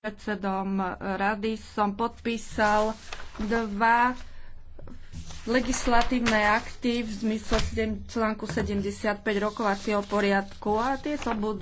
predsedom rady som podpísal dva legislatívne akty v zmysle článku 75 rokovacieho poriadku a tieto budú